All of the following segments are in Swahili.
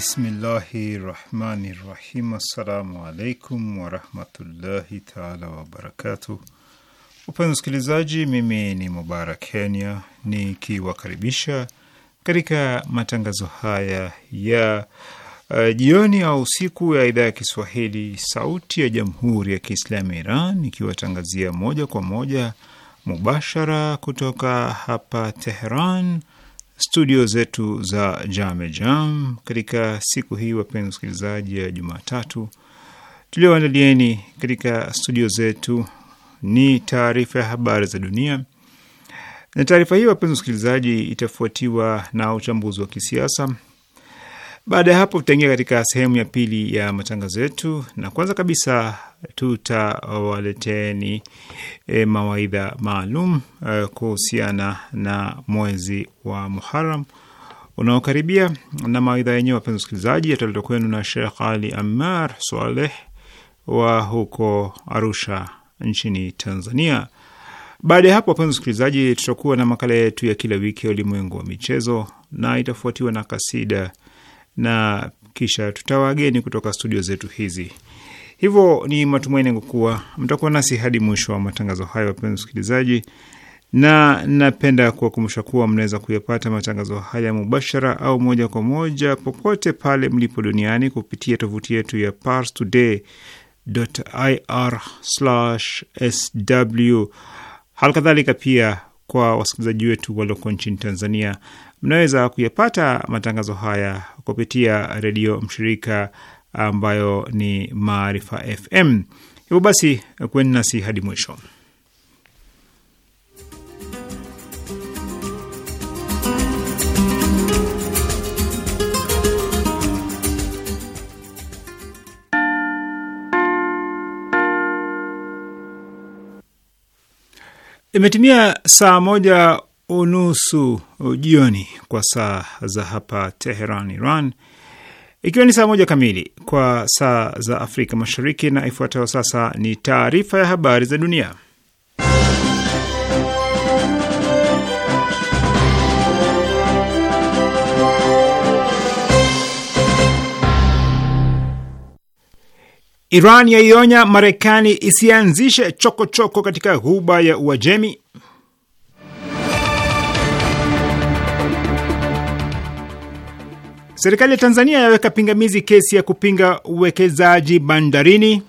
Bismillahi rahmani rahim. Assalamu alaikum warahmatullahi taala wabarakatuh. Wapenzi msikilizaji, mimi ni Mubarak Kenya nikiwakaribisha katika matangazo haya ya uh, jioni au siku ya idhaa ya Kiswahili sauti ya jamhuri ya Kiislamu ya Iran ikiwatangazia moja kwa moja mubashara kutoka hapa Tehran studio zetu za Jame Jam katika siku hii, wapenzi wasikilizaji, ya Jumatatu tulioandalieni katika studio zetu ni taarifa ya habari za dunia, na taarifa hii wapenzi wasikilizaji, itafuatiwa na uchambuzi wa kisiasa baada ya hapo, tutaingia katika sehemu ya pili ya matangazo yetu, na kwanza kabisa tutawaleteni e, mawaidha maalum e, kuhusiana na mwezi wa Muharam unaokaribia, na mawaidha yenyewe, wapenzi wasikilizaji, yataletwa kwenu na Shekh Ali amar Swaleh wa huko Arusha nchini Tanzania. Baada ya hapo, wapenzi wasikilizaji, tutakuwa na makala yetu ya kila wiki ya ulimwengu wa michezo na itafuatiwa na kasida na kisha tutawageni kutoka studio zetu hizi. Hivyo ni matumaini yangu kuwa mtakuwa nasi hadi mwisho wa matangazo hayo, wapenzi wasikilizaji, na napenda kuwakumbusha kuwa mnaweza kuyapata matangazo haya mubashara au moja kwa moja popote pale mlipo duniani kupitia tovuti yetu ya parstoday.ir/sw. Halikadhalika pia kwa wasikilizaji wetu walioko nchini Tanzania Mnaweza kuyapata matangazo haya kupitia redio mshirika ambayo ni Maarifa FM. Hivyo basi, kweni nasi hadi mwisho. Imetimia saa moja unusu jioni kwa saa za hapa Teheran, Iran, ikiwa ni saa moja kamili kwa saa za Afrika Mashariki. Na ifuatayo sasa ni taarifa ya habari za dunia, Iran yaionya Marekani isianzishe chokochoko katika ghuba ya Uajemi. Serikali ya Tanzania yaweka pingamizi kesi ya kupinga uwekezaji bandarini.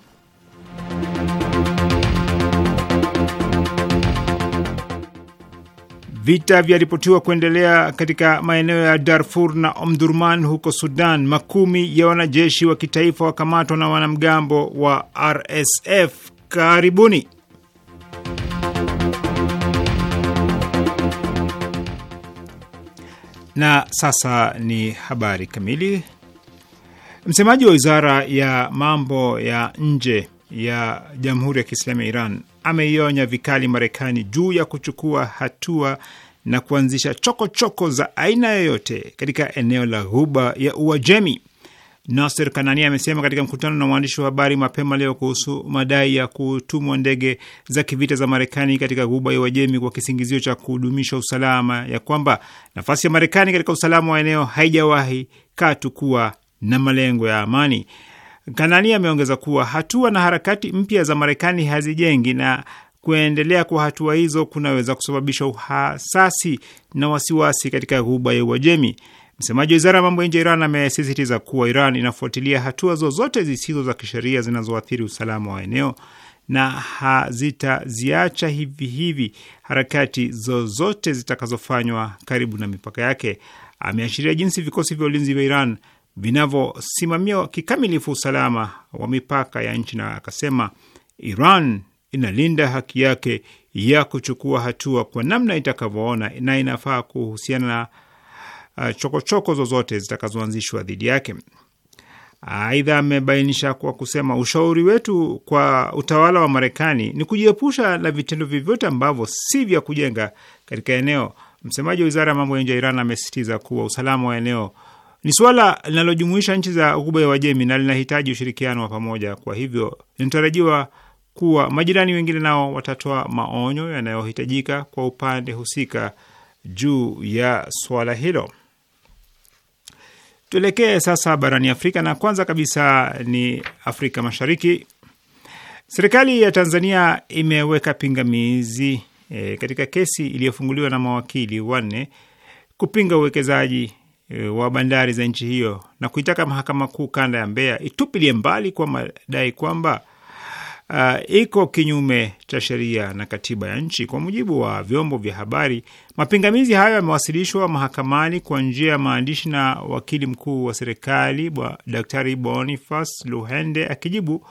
Vita vyaripotiwa kuendelea katika maeneo ya Darfur na Omdurman huko Sudan. Makumi ya wanajeshi wa kitaifa wakamatwa na wanamgambo wa RSF. Karibuni. Na sasa ni habari kamili. Msemaji wa wizara ya mambo ya nje ya Jamhuri ya Kiislamu ya Iran ameionya vikali Marekani juu ya kuchukua hatua na kuanzisha chokochoko choko za aina yoyote katika eneo la Ghuba ya Uajemi. Nasser Kanani amesema katika mkutano na waandishi wa habari mapema leo kuhusu madai ya kutumwa ndege za kivita za Marekani katika Ghuba ya Uajemi kwa kisingizio cha kudumisha usalama, ya kwamba nafasi ya Marekani katika usalama wa eneo haijawahi katu kuwa na malengo ya amani. Kanani ameongeza kuwa hatua na harakati mpya za Marekani hazijengi na kuendelea kwa hatua hizo kunaweza kusababisha uhasasi na wasiwasi katika Ghuba ya Uajemi. Msemaji wa wizara ya mambo ya nje ya Iran amesisitiza kuwa Iran inafuatilia hatua zozote zisizo za kisheria zinazoathiri usalama wa eneo na hazitaziacha hivi hivi harakati zozote zitakazofanywa karibu na mipaka yake. Ameashiria jinsi vikosi vya ulinzi vya Iran vinavyosimamia kikamilifu usalama wa mipaka ya nchi na akasema, Iran inalinda haki yake ya kuchukua hatua kwa namna itakavyoona na inafaa kuhusiana na Uh, chokochoko zozote zitakazoanzishwa dhidi yake. Aidha, amebainisha kwa kusema, ushauri wetu kwa utawala wa Marekani ni kujiepusha na vitendo vyovyote ambavyo si vya kujenga katika eneo. Msemaji wa wizara ya mambo ya nje ya Iran amesisitiza kuwa usalama wa eneo ni suala linalojumuisha nchi za Ghuba ya Uajemi na linahitaji ushirikiano wa pamoja. Kwa hivyo inatarajiwa kuwa majirani wengine nao watatoa maonyo yanayohitajika kwa upande husika juu ya suala hilo. Tuelekee sasa barani Afrika na kwanza kabisa ni Afrika Mashariki. Serikali ya Tanzania imeweka pingamizi e, katika kesi iliyofunguliwa na mawakili wanne kupinga uwekezaji e, wa bandari za nchi hiyo na kuitaka mahakama kuu kanda ya Mbeya itupilie mbali kwa madai kwamba uh, iko kinyume cha sheria na katiba ya nchi. Kwa mujibu wa vyombo vya habari, mapingamizi hayo yamewasilishwa mahakamani kwa njia ya maandishi na wakili mkuu wa serikali bwa Daktari Bonifas Luhende akijibu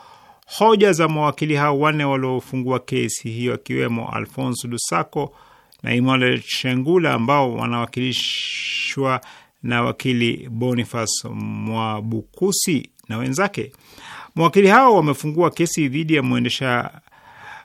hoja za mawakili hao wanne waliofungua kesi hiyo akiwemo alfonso Lusako na Emmanuel Shengula ambao wanawakilishwa na wakili Boniface Mwabukusi na wenzake. Mawakili hao wamefungua kesi dhidi ya mwendesha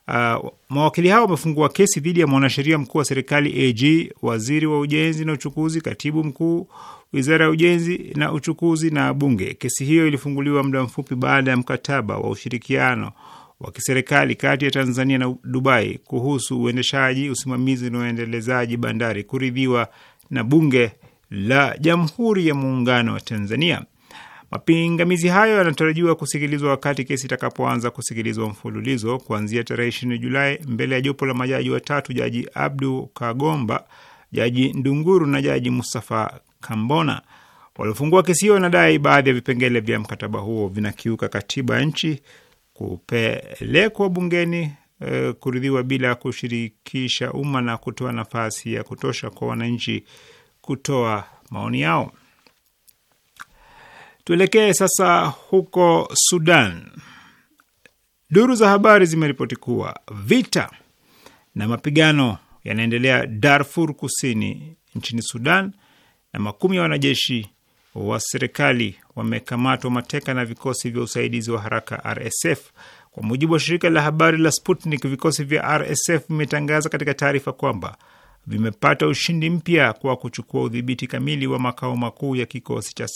Uh, mawakili hao wamefungua kesi dhidi ya mwanasheria mkuu wa serikali AG, waziri wa ujenzi na uchukuzi, katibu mkuu wizara ya ujenzi na uchukuzi na bunge. Kesi hiyo ilifunguliwa muda mfupi baada ya mkataba wa ushirikiano wa kiserikali kati ya Tanzania na Dubai kuhusu uendeshaji, usimamizi na uendelezaji bandari kuridhiwa na bunge la Jamhuri ya Muungano wa Tanzania. Mapingamizi hayo yanatarajiwa kusikilizwa wakati kesi itakapoanza kusikilizwa mfululizo kuanzia tarehe ishirini Julai mbele ya jopo la majaji watatu: Jaji Abdu Kagomba, Jaji Ndunguru na Jaji Mustafa Kambona. Waliofungua kesi hiyo wanadai baadhi ya vipengele vya mkataba huo vinakiuka katiba ya nchi, kupelekwa bungeni, e, kuridhiwa bila kushirikisha umma na kutoa nafasi ya kutosha kwa wananchi kutoa maoni yao. Tuelekee sasa huko Sudan. Duru za habari zimeripoti kuwa vita na mapigano yanaendelea Darfur Kusini nchini Sudan, na makumi ya wanajeshi wa serikali wamekamatwa mateka na vikosi vya usaidizi wa haraka RSF. Kwa mujibu wa shirika la habari la Sputnik, vikosi vya RSF vimetangaza katika taarifa kwamba vimepata ushindi mpya kwa kuchukua udhibiti kamili wa makao makuu ya kikosi cha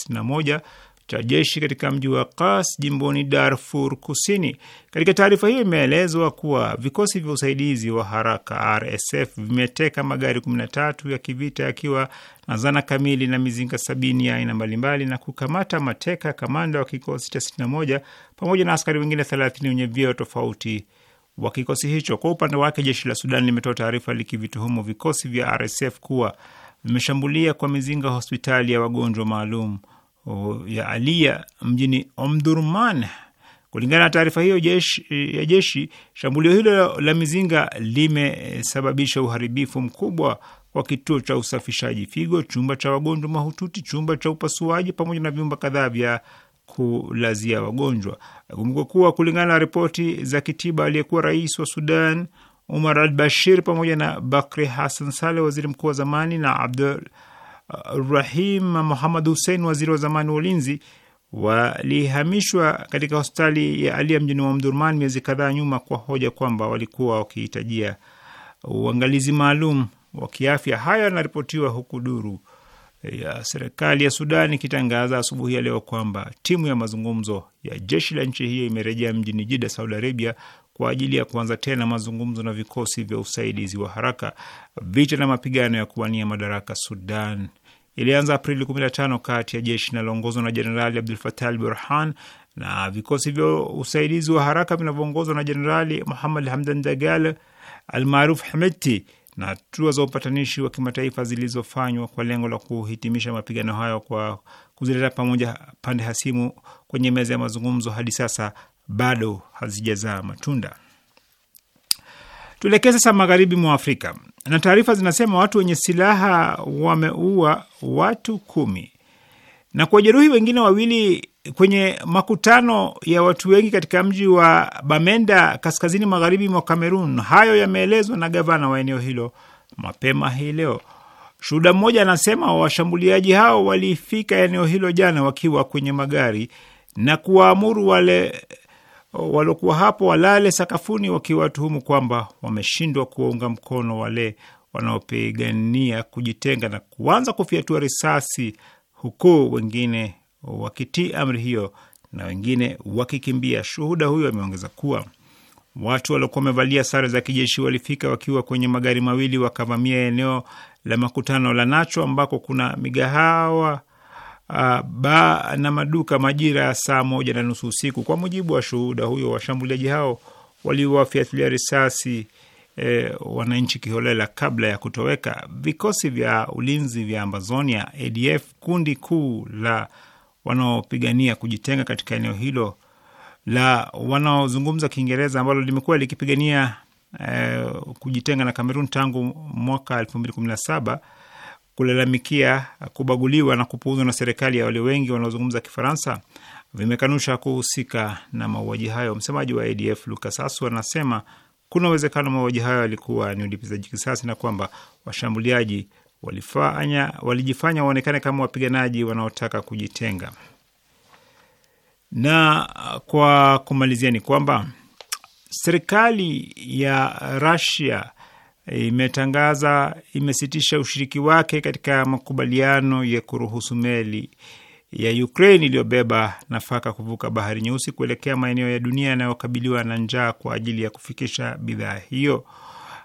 cha jeshi katika mji wa Kas jimboni Darfur Kusini. Katika taarifa hiyo imeelezwa kuwa vikosi vya usaidizi wa haraka RSF vimeteka magari 13 ya kivita yakiwa na zana kamili na mizinga sabini ya aina mbalimbali na kukamata mateka kamanda wa kikosi cha 61 pamoja na askari wengine 30 wenye vyeo tofauti wa kikosi hicho. Kwa upande wake, jeshi la Sudan limetoa taarifa likivituhumu vikosi vya RSF kuwa vimeshambulia kwa mizinga hospitali ya wagonjwa maalum ya Alia mjini Omdurman. Kulingana na taarifa hiyo jeshi, ya jeshi, shambulio hilo la mizinga limesababisha uharibifu mkubwa kwa kituo cha usafishaji figo, chumba cha wagonjwa mahututi, chumba cha upasuaji pamoja na vyumba kadhaa vya kulazia wagonjwa. Kumbuka kuwa kulingana na ripoti za kitiba, aliyekuwa rais wa Sudan Umar al Bashir pamoja na Bakri Hassan Saleh, waziri mkuu wa zamani, na Abdul Rahim Muhamad Hussein, waziri wa zamani wa ulinzi, walihamishwa katika hospitali ya Alia mjini Omdurman miezi kadhaa nyuma kwa hoja kwamba walikuwa wakihitajia uangalizi maalum wa kiafya. Hayo yanaripotiwa huku duru ya serikali ya Sudan ikitangaza asubuhi ya leo kwamba timu ya mazungumzo ya jeshi la nchi hiyo imerejea mjini Jida, Saudi Arabia kwa ajili ya kuanza tena mazungumzo na vikosi vya usaidizi wa haraka. Vita na mapigano ya kuwania madaraka Sudan ilianza Aprili 15 kati ya jeshi linaloongozwa na Jenerali Abdul Fatah al Burhan na vikosi vya usaidizi wa haraka vinavyoongozwa na Jenerali Muhammad Hamdan dagal almaruf Hameti na hatua za upatanishi wa kimataifa zilizofanywa kwa lengo la kuhitimisha mapigano hayo kwa kuzileta pamoja pande hasimu kwenye meza ya mazungumzo hadi sasa bado hazijazaa matunda. Tuelekee sasa magharibi mwa Afrika, na taarifa zinasema watu wenye silaha wameua watu kumi na kuwajeruhi wengine wawili kwenye makutano ya watu wengi katika mji wa Bamenda kaskazini magharibi mwa Kamerun. Hayo yameelezwa na gavana wa eneo hilo mapema hii leo. Shuhuda mmoja anasema washambuliaji hao walifika eneo hilo jana wakiwa kwenye magari na kuwaamuru wale waliokuwa hapo walale sakafuni wakiwatuhumu kwamba wameshindwa kuwaunga mkono wale wanaopigania kujitenga na kuanza kufyatua risasi huku wengine wakitii amri hiyo na wengine wakikimbia. Shuhuda huyo ameongeza kuwa watu waliokuwa wamevalia sare za kijeshi walifika wakiwa kwenye magari mawili, wakavamia eneo la makutano la Nacho ambako kuna migahawa uh, ba na maduka majira ya saa moja na nusu usiku. Kwa mujibu wa shuhuda huyo, washambuliaji hao waliwafyatulia risasi E, wananchi kiholela kabla ya kutoweka. Vikosi vya ulinzi vya amazonia ADF, kundi kuu la wanaopigania kujitenga katika eneo hilo la wanaozungumza Kiingereza ambalo limekuwa likipigania e, kujitenga na Kamerun tangu mwaka elfu mbili kumi na saba kulalamikia kubaguliwa na kupuuzwa na serikali ya wale wengi wanaozungumza Kifaransa vimekanusha kuhusika na mauaji hayo. Msemaji wa ADF Lucas Asu anasema kuna uwezekano mauaji hayo yalikuwa ni ulipizaji kisasi na kwamba washambuliaji walifanya, walijifanya waonekane kama wapiganaji wanaotaka kujitenga. Na kwa kumalizia ni kwamba serikali ya Russia imetangaza imesitisha ushiriki wake katika makubaliano ya kuruhusu meli ya Ukraine iliyobeba nafaka kuvuka bahari nyeusi kuelekea maeneo ya dunia yanayokabiliwa na njaa kwa ajili ya kufikisha bidhaa hiyo,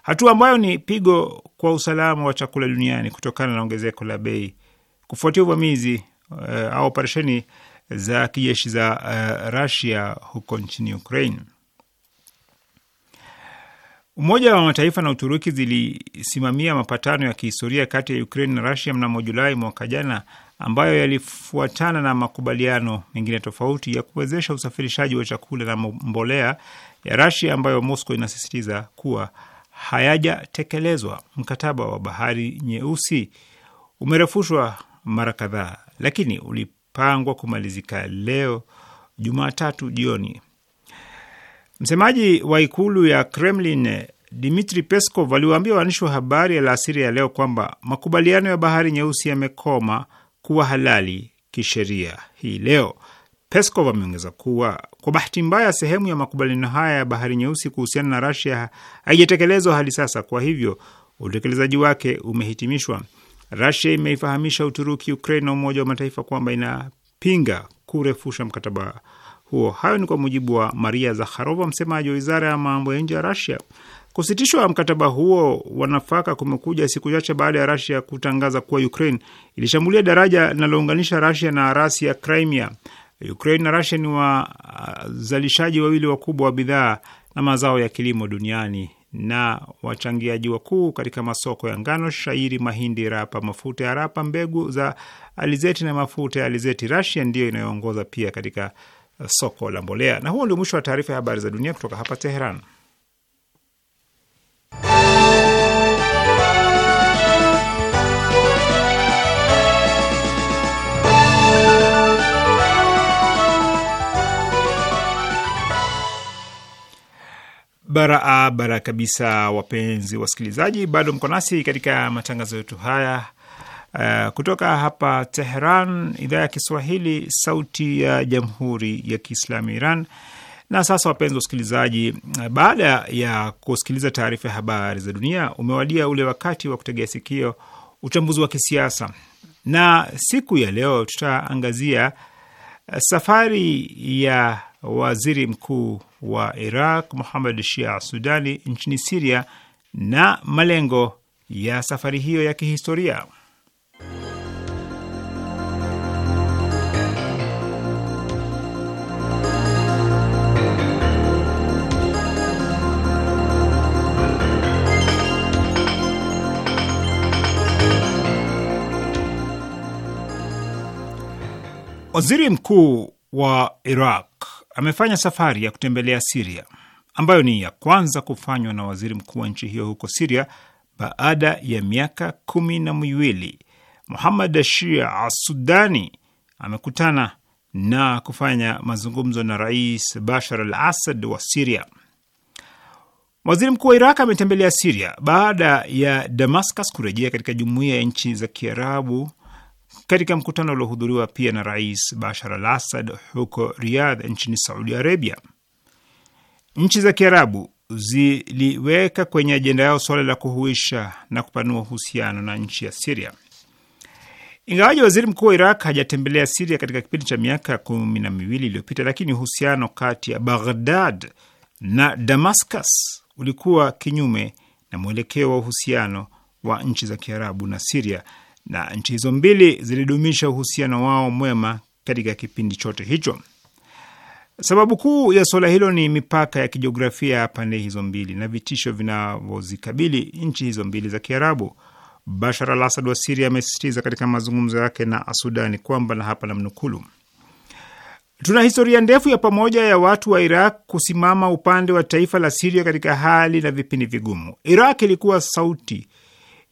hatua ambayo ni pigo kwa usalama wa chakula duniani kutokana na ongezeko la bei kufuatia uvamizi uh, au operesheni za kijeshi za uh, Russia huko nchini Ukraine. Umoja wa Mataifa na Uturuki zilisimamia mapatano ya kihistoria kati ya Ukraine na Rusia mnamo Julai mwaka jana, ambayo yalifuatana na makubaliano mengine tofauti ya kuwezesha usafirishaji wa chakula na mbolea ya Rusia ambayo Moscow inasisitiza kuwa hayajatekelezwa. Mkataba wa Bahari Nyeusi umerefushwa mara kadhaa, lakini ulipangwa kumalizika leo Jumatatu jioni. Msemaji wa ikulu ya Kremlin Dmitri Peskov aliwaambia waandishi wa habari alasiri ya leo kwamba makubaliano ya bahari nyeusi yamekoma kuwa halali kisheria hii leo. Peskov ameongeza kuwa kwa bahati mbaya, sehemu ya makubaliano haya ya bahari nyeusi kuhusiana na Rasia haijatekelezwa hadi sasa, kwa hivyo utekelezaji wake umehitimishwa. Rasia imeifahamisha Uturuki, Ukraine na Umoja wa Mataifa kwamba inapinga kurefusha mkataba huo. Hayo ni kwa mujibu wa Maria Zakharova, msemaji wa wizara ya mambo ya nje ya Rasia. Kusitishwa mkataba huo wa nafaka kumekuja siku chache baada ya Rasia kutangaza kuwa Ukraine ilishambulia daraja linalounganisha Rasia na rasi ya Crimea. Ukraine na Rasia ni wazalishaji wawili wakubwa wa bidhaa na mazao ya kilimo duniani na wachangiaji wakuu katika masoko ya ngano, shairi, mahindi, rapa, mafuta ya rapa, mbegu za alizeti na mafuta ya alizeti. Rasia ndiyo inayoongoza pia katika Eh, soko la mbolea. Na huo ndio mwisho wa taarifa ya habari za dunia kutoka hapa Teheran. Barabara kabisa, wapenzi wasikilizaji, bado mko nasi katika matangazo yetu haya Uh, kutoka hapa Tehran, idhaa ya Kiswahili, sauti ya jamhuri ya kiislamu Iran. Na sasa, wapenzi wasikilizaji, eh, baada ya kusikiliza taarifa ya habari za dunia, umewadia ule wakati wa kutegea sikio uchambuzi wa kisiasa, na siku ya leo tutaangazia eh, safari ya waziri mkuu wa Iraq Muhammad Shia Sudani nchini Siria na malengo ya safari hiyo ya kihistoria. Waziri mkuu wa Iraq amefanya safari ya kutembelea Siria ambayo ni ya kwanza kufanywa na waziri mkuu wa nchi hiyo huko Siria baada ya miaka kumi na miwili. Muhammad Ashia Asudani amekutana na kufanya mazungumzo na Rais Bashar al Asad wa Siria. Waziri mkuu wa Iraq ametembelea Siria baada ya Damascus kurejea katika jumuiya ya nchi za Kiarabu katika mkutano uliohudhuriwa pia na Rais Bashar al Assad huko Riyadh nchini Saudi Arabia. Nchi za Kiarabu ziliweka kwenye ajenda yao suala la kuhuisha na kupanua uhusiano na nchi ya Siria. Ingawaji waziri mkuu wa Iraq hajatembelea Siria katika kipindi cha miaka kumi na miwili iliyopita, lakini uhusiano kati ya Baghdad na Damascus ulikuwa kinyume na mwelekeo wa uhusiano wa nchi za Kiarabu na Siria na nchi hizo mbili zilidumisha uhusiano wao mwema katika kipindi chote hicho. Sababu kuu ya suala hilo ni mipaka ya kijiografia ya pande hizo mbili na vitisho vinavyozikabili nchi hizo mbili za Kiarabu. Bashar al Asad wa Siria amesisitiza katika mazungumzo yake na Asudani kwamba na hapa namnukulu, tuna historia ndefu ya pamoja ya watu wa Iraq kusimama upande wa taifa la Siria katika hali na vipindi vigumu. Iraq ilikuwa sauti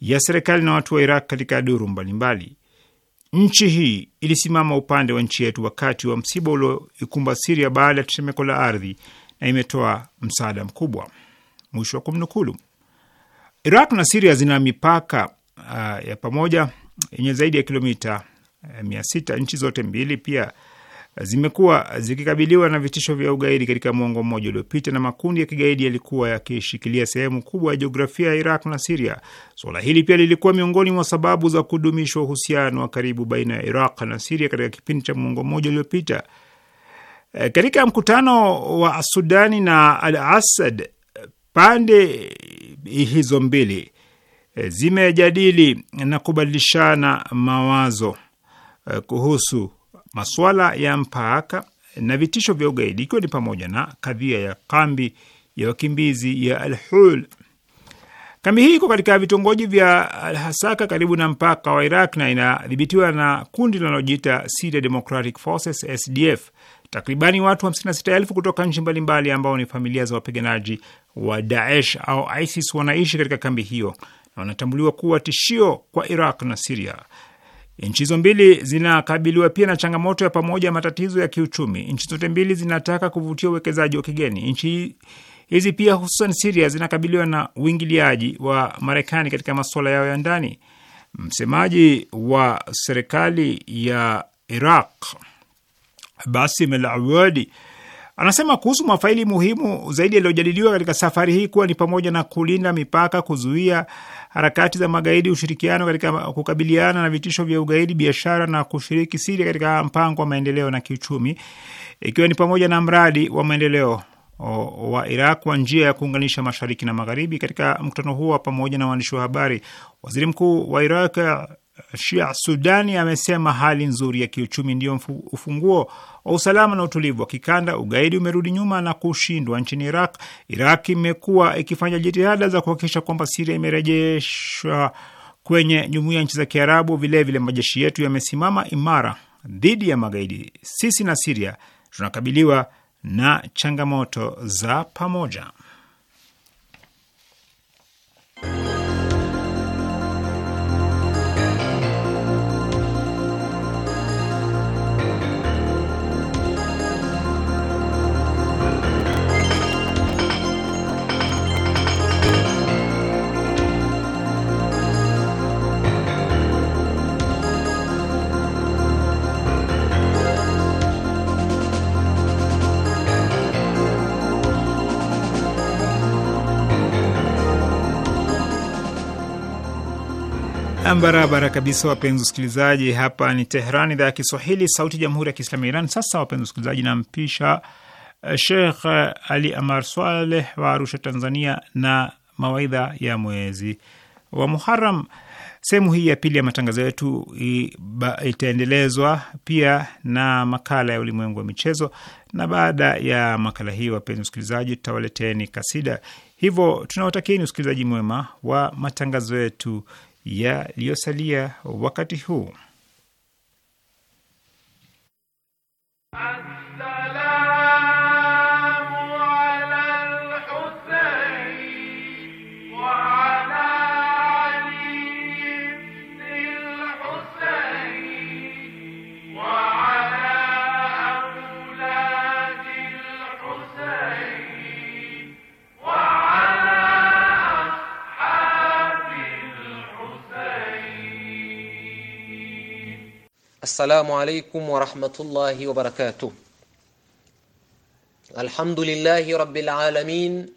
ya serikali na watu wa Iraq katika duru mbalimbali. Nchi hii ilisimama upande wa nchi yetu wakati wa msiba ulioikumba Siria baada ya tetemeko la ardhi na imetoa msaada mkubwa. Mwisho wa kumnukulu. Iraq na Siria zina mipaka uh, ya pamoja yenye zaidi ya kilomita uh, mia sita. Nchi zote mbili pia zimekuwa zikikabiliwa na vitisho vya ugaidi katika mwongo mmoja uliopita, na makundi ya kigaidi yalikuwa yakishikilia sehemu kubwa ya jiografia ya Iraq na Siria. Suala hili pia lilikuwa miongoni mwa sababu za kudumishwa uhusiano wa karibu baina ya Iraq na Siria katika kipindi cha mwongo mmoja uliopita. Eh, katika mkutano wa Sudani na Al Asad, pande hizo mbili eh, zimejadili na kubadilishana mawazo eh, kuhusu masuala ya mpaka na vitisho vya ugaidi, ikiwa ni pamoja na kadhia ya kambi ya wakimbizi ya Al-Hul. Kambi hii iko katika vitongoji vya Alhasaka karibu na mpaka wa Iraq na inadhibitiwa na kundi linalojiita Syria Democratic Forces SDF. Takribani watu 56,000 kutoka nchi mbalimbali ambao ni familia za wapiganaji wa Daesh au ISIS wanaishi katika kambi hiyo na wanatambuliwa kuwa tishio kwa Iraq na Siria. Nchi hizo mbili zinakabiliwa pia na changamoto ya pamoja ya matatizo ya kiuchumi. Nchi zote mbili zinataka kuvutia uwekezaji wa kigeni. Nchi hizi pia, hususan Siria, zinakabiliwa na uingiliaji wa Marekani katika masuala yao ya ndani. Msemaji wa serikali ya Iraq Basim Al Awadi Anasema kuhusu mafaili muhimu zaidi yaliyojadiliwa katika safari hii kuwa ni pamoja na kulinda mipaka, kuzuia harakati za magaidi, ushirikiano katika kukabiliana na vitisho vya ugaidi, biashara na kushiriki Siria katika mpango wa maendeleo na kiuchumi, ikiwa ni pamoja na mradi wa maendeleo wa Iraq kwa njia ya kuunganisha mashariki na magharibi. Katika mkutano huo pamoja na waandishi wa habari, waziri mkuu wa Iraq Shia Sudani amesema hali nzuri ya kiuchumi ndiyo ufunguo wa usalama na utulivu wa kikanda. Ugaidi umerudi nyuma na kushindwa nchini Iraq. Iraq imekuwa ikifanya jitihada za kuhakikisha kwamba Siria imerejeshwa kwenye jumuiya ya nchi za Kiarabu. Vilevile, majeshi yetu yamesimama imara dhidi ya magaidi. Sisi na Siria tunakabiliwa na changamoto za pamoja. Barabara kabisa, wapenzi wasikilizaji, hapa ni Tehran, idhaa ya Kiswahili, sauti ya jamhuri ya kiislamu ya Iran. Sasa wapenzi wasikilizaji, nampisha eh, Sheikh eh, Ali Amar Swaleh wa Arusha, Tanzania, na mawaidha ya mwezi wa Muharam. Sehemu hii ya pili ya matangazo yetu itaendelezwa pia na makala ya ulimwengu wa michezo, na baada ya makala hii, wapenzi wasikilizaji, tutawaleteni kasida. Hivyo tunawatakieni usikilizaji mwema wa matangazo yetu yaliyosalia wakati huu. السلام عليكم ورحمة الله وبركاته الحمد لله رب العالمين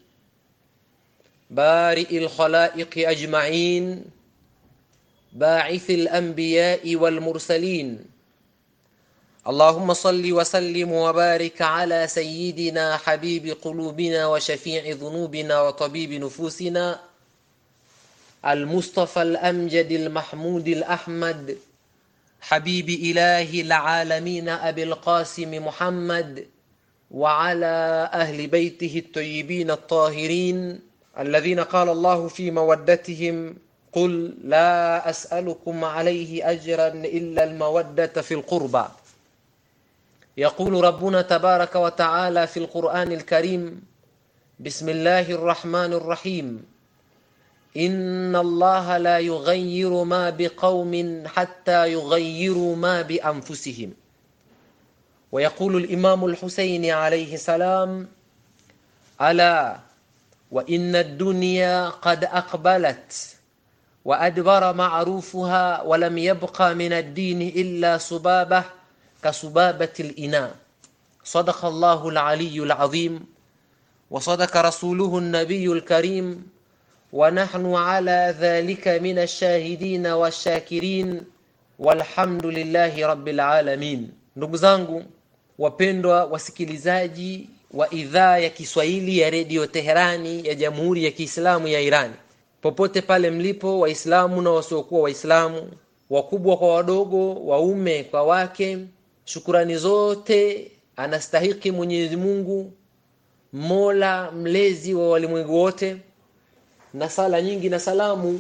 بارئ الخلائق أجمعين باعث الأنبياء والمرسلين اللهم صل وسلم وبارك على سيدنا حبيب قلوبنا وشفيع ذنوبنا وطبيب نفوسنا المصطفى الأمجد المحمود الأحمد حبيب إله العالمين أبي القاسم محمد وعلى أهل بيته الطيبين الطاهرين الذين قال الله في مودتهم قل لا أسألكم عليه أجرا إلا المودة في القربى يقول ربنا تبارك وتعالى في القرآن الكريم بسم الله الرحمن الرحيم إن الله لا يغير ما بقوم حتى يغيروا ما بأنفسهم ويقول الإمام الحسين عليه السلام ألا وإن الدنيا قد أقبلت وأدبر معروفها ولم يبقى من الدين إلا سبابة كسبابة الإناء صدق الله العلي العظيم وصدق رسوله النبي الكريم ونحن على ذلك من الشاهدين والشاkirin walhamdulillahi rabbil alamin. Ndugu zangu wapendwa wasikilizaji wa idhaa ya Kiswahili ya redio Teherani ya Jamhuri ya Kiislamu ya iran popote pale mlipo, Waislamu na wasiokuwa Waislamu, wakubwa kwa wadogo, waume kwa wake, shukurani zote anastahiki Mwenyezi Mungu, mola mlezi wa walimwengu wote na sala nyingi na salamu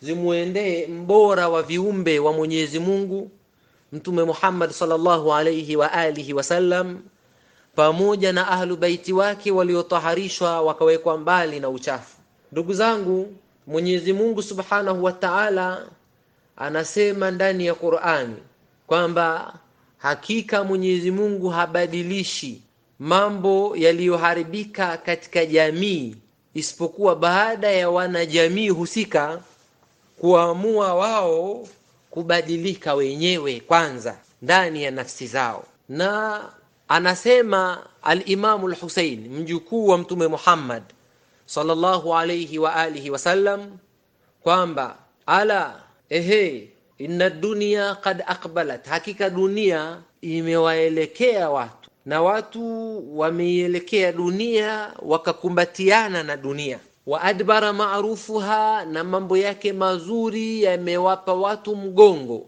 zimuendee mbora wa viumbe wa Mwenyezi Mungu Mtume Muhammad sallallahu alayhi wa alihi wasallam pamoja na ahlu baiti wake waliotaharishwa wakawekwa mbali na uchafu. Ndugu zangu, Mwenyezi Mungu Subhanahu wa Ta'ala anasema ndani ya Qur'ani kwamba hakika Mwenyezi Mungu habadilishi mambo yaliyoharibika katika jamii isipokuwa baada ya wanajamii husika kuamua wao kubadilika wenyewe kwanza ndani ya nafsi zao. Na anasema Alimamu Lhusein, mjukuu wa Mtume Muhammad sallallahu alayhi wa alihi wasallam, kwamba ala ehe, inna dunia kad akbalat, hakika dunia imewaelekea watu na watu wameielekea dunia wakakumbatiana na dunia wa adbara maarufuha, na mambo yake mazuri yamewapa watu mgongo,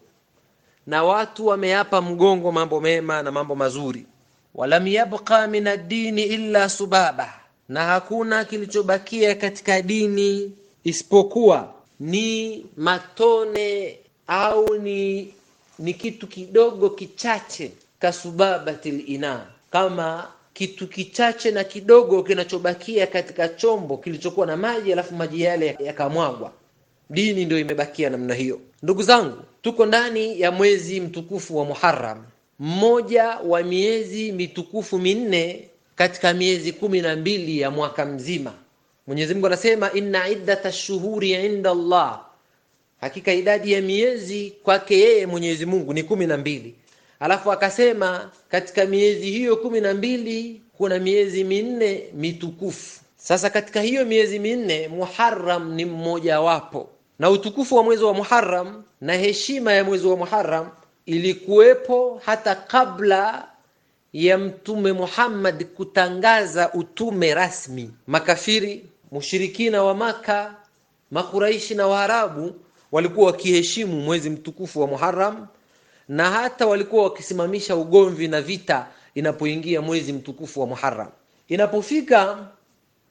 na watu wameapa mgongo mambo mema na mambo mazuri. Walam yabqa min ad-dini illa subaba, na hakuna kilichobakia katika dini isipokuwa ni matone au ni, ni kitu kidogo kichache kasubabatil ina kama kitu kichache na kidogo kinachobakia katika chombo kilichokuwa na maji alafu maji yale yakamwagwa dini ndio imebakia namna hiyo ndugu zangu tuko ndani ya mwezi mtukufu wa Muharram mmoja wa miezi mitukufu minne katika miezi kumi na mbili ya mwaka mzima Mwenyezi Mungu anasema inna iddata shuhuri inda Allah hakika idadi ya miezi kwake yeye Mwenyezi Mungu ni kumi na mbili Alafu akasema katika miezi hiyo kumi na mbili kuna miezi minne mitukufu. Sasa katika hiyo miezi minne Muharram ni mmojawapo, na utukufu wa mwezi wa Muharram na heshima ya mwezi wa Muharram ilikuwepo hata kabla ya Mtume Muhammad kutangaza utume rasmi. Makafiri mushirikina wa Maka, Makuraishi na Waarabu walikuwa wakiheshimu mwezi mtukufu wa Muharram na hata walikuwa wakisimamisha ugomvi na vita inapoingia mwezi mtukufu wa Muharram. Inapofika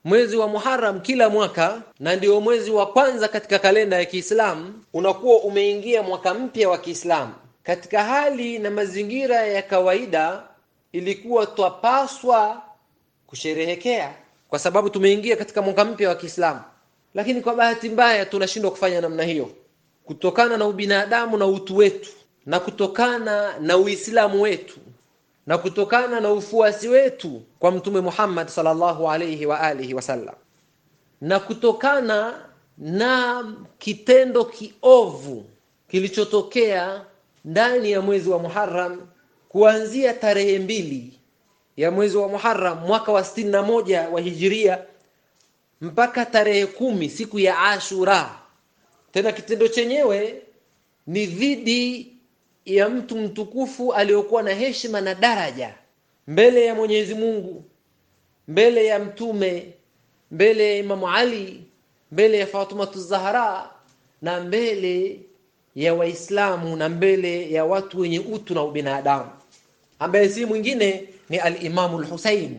mwezi wa Muharram kila mwaka, na ndio mwezi wa kwanza katika kalenda ya Kiislamu, unakuwa umeingia mwaka mpya wa Kiislamu. Katika hali na mazingira ya kawaida, ilikuwa twapaswa kusherehekea kwa sababu tumeingia katika mwaka mpya wa Kiislamu, lakini kwa bahati mbaya tunashindwa kufanya namna hiyo kutokana na ubinadamu na utu wetu na kutokana na Uislamu wetu na kutokana na ufuasi wetu kwa Mtume Muhammad sallallahu alayhi wa alihi wasallam na kutokana na kitendo kiovu kilichotokea ndani ya mwezi wa Muharram kuanzia tarehe mbili ya mwezi wa Muharram mwaka wa na moja wa Hijiria mpaka tarehe kumi siku ya Ashura. Tena kitendo chenyewe ni dhidi ya mtu mtukufu aliyokuwa na heshima na daraja mbele ya Mwenyezi Mungu, mbele ya Mtume, mbele ya Imamu Ali, mbele ya Fatuma Zahra na mbele ya Waislamu na mbele ya watu wenye utu na ubinadamu, ambaye si mwingine ni al-Imamu al-Husayn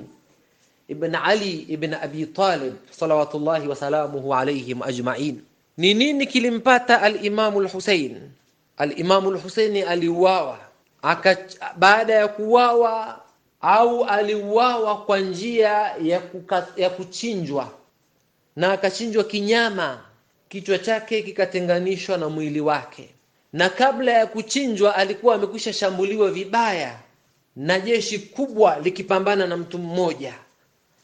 ibn Ali ibn Abi Talib salawatullahi wasalamuhu alayhim ajma'in. Ni nini kilimpata al-Imamu al-Husayn? Al-Imamu al aliuawa baada ya kuuawa au aliuawa kwa njia ya, kuka, ya kuchinjwa na akachinjwa kinyama, kichwa chake kikatenganishwa na mwili wake. Na kabla ya kuchinjwa alikuwa amekwisha shambuliwa vibaya na jeshi kubwa likipambana na mtu mmoja,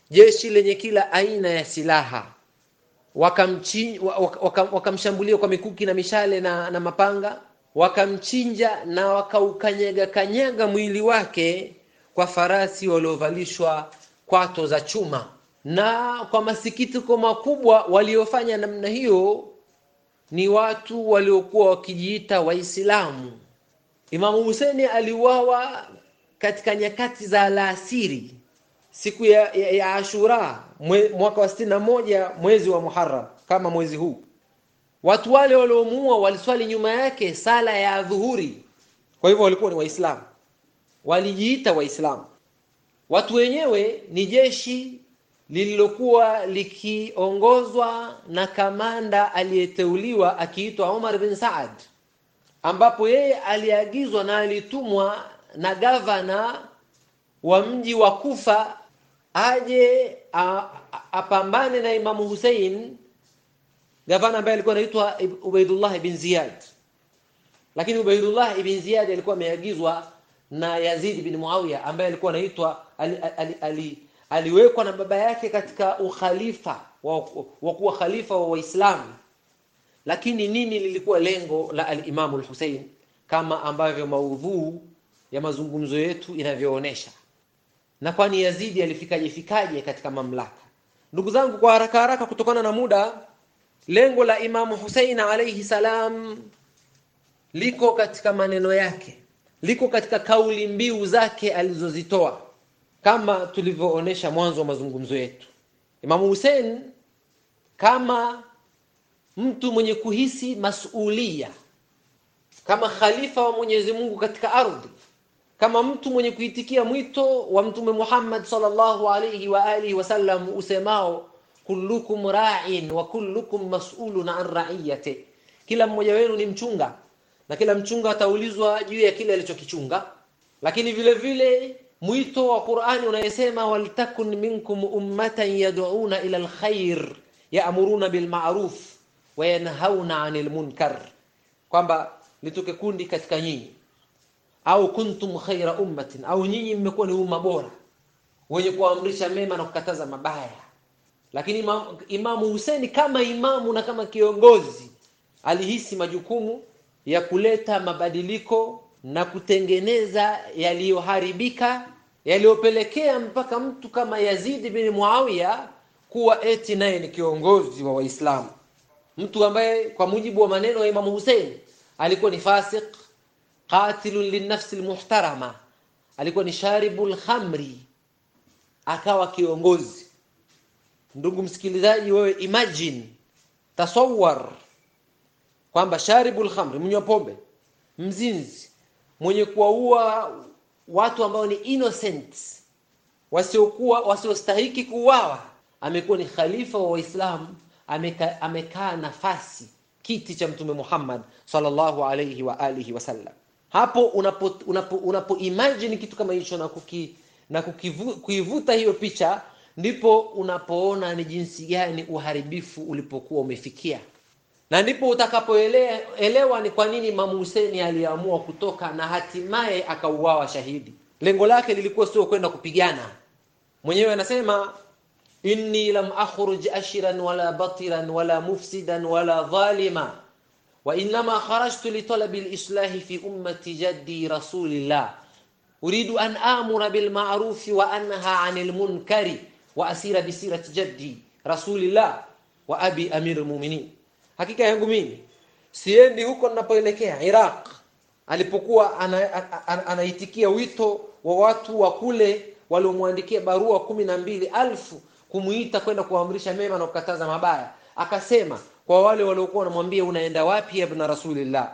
jeshi lenye kila aina ya silaha, wakamshambulia waka, waka kwa mikuki na mishale na, na mapanga wakamchinja na wakaukanyaga kanyaga mwili wake kwa farasi waliovalishwa kwato za chuma na kwa masikitiko makubwa waliofanya namna hiyo ni watu waliokuwa wakijiita Waislamu. Imamu Huseni aliuawa katika nyakati za alasiri siku ya, ya, ya Ashura mwe, mwaka wa moja mwezi wa Muharram kama mwezi huu. Watu wale waliomuua waliswali nyuma yake sala ya dhuhuri, kwa hivyo walikuwa ni Waislamu, walijiita Waislamu. Watu wenyewe ni jeshi lililokuwa likiongozwa na kamanda aliyeteuliwa akiitwa Omar bin Saad, ambapo yeye aliagizwa na alitumwa na gavana wa mji wa Kufa aje apambane na Imamu Hussein gavana ambaye alikuwa anaitwa Ubaidullah ibn Ziyad. Lakini Ubaidullah ibn Ziyad alikuwa ameagizwa na Yazid ibn Muawiya ambaye alikuwa anaitwa ali, ali, ali, aliwekwa na baba yake katika ukhalifa wa kuwa khalifa wa Waislamu. Lakini nini lilikuwa lengo la al-Imam al-Hussein kama ambavyo maudhuu ya mazungumzo yetu inavyoonesha? Na kwani Yazidi alifikaje fikaje katika mamlaka? Ndugu zangu, kwa haraka haraka, kutokana na muda lengo la Imamu Hussein alayhi salam liko katika maneno yake, liko katika kauli mbiu zake alizozitoa, kama tulivyoonesha mwanzo wa mazungumzo yetu. Imamu Hussein kama mtu mwenye kuhisi masulia, kama khalifa wa Mwenyezi Mungu katika ardhi, kama mtu mwenye kuitikia mwito wa Mtume Muhammad sallallahu alayhi wa alihi wasallam usemao kullukum ra'in wa kullukum mas'ulun an ra'iyati, kila mmoja wenu ni mchunga na kila mchunga ataulizwa juu ya kile alichokichunga. Lakini vile vile mwito wa Qur'ani unayesema waltakun minkum ummatan yad'una ila alkhair ya'muruna bil ma'ruf wa yanhauna 'anil munkar, kwamba nituke kundi katika nyinyi au kuntum khaira ummatin, au nyinyi mmekuwa ni umma bora wenye kuamrisha mema na kukataza mabaya lakini Imamu, Imamu Hussein kama imamu na kama kiongozi alihisi majukumu ya kuleta mabadiliko na kutengeneza yaliyoharibika yaliyopelekea mpaka mtu kama Yazid bin Muawiya kuwa eti naye ni kiongozi wa Waislamu, mtu ambaye kwa mujibu wa maneno ya Imamu Hussein alikuwa ni fasik, qatilun linnafsi lmuhtarama, alikuwa ni sharibu khamri, akawa kiongozi Ndugu msikilizaji, wewe imagine, tasawwar kwamba sharibul khamri, mnywa pombe, mzinzi, mwenye kuwaua watu ambao ni innocent, wasiokuwa wasiostahiki kuuawa, amekuwa ni khalifa wa Waislamu, amekaa ameka nafasi kiti cha Mtume Muhammad sallallahu alayhi wa alihi wasallam. Hapo unapo unapo, unapo imagine kitu kama hicho na kuki na kuivuta hiyo picha ndipo unapoona ni jinsi gani uharibifu ulipokuwa umefikia na ndipo utakapoelewa ni kwa nini Imamu Huseni aliamua kutoka na hatimaye akauawa shahidi. Lengo lake lilikuwa sio kwenda kupigana. Mwenyewe anasema inni lam akhruj ashiran wala batiran wala mufsidan wala zalima wa inma kharajtu litalabi alislahi fi ummati jaddi rasulillah uridu an amura bil ma'ruf wa anha 'anil munkari wa asira sirati jaddi rasulillah wa abi amir mu'minin hakika yangu mimi siendi huko ninapoelekea Iraq alipokuwa anaitikia ana, ana, wito wa watu wa kule waliomwandikia barua kumi na mbili alfu kumuita kwenda kuamrisha mema na kukataza mabaya akasema kwa wale waliokuwa wanamwambia unaenda wapi ibn rasulillah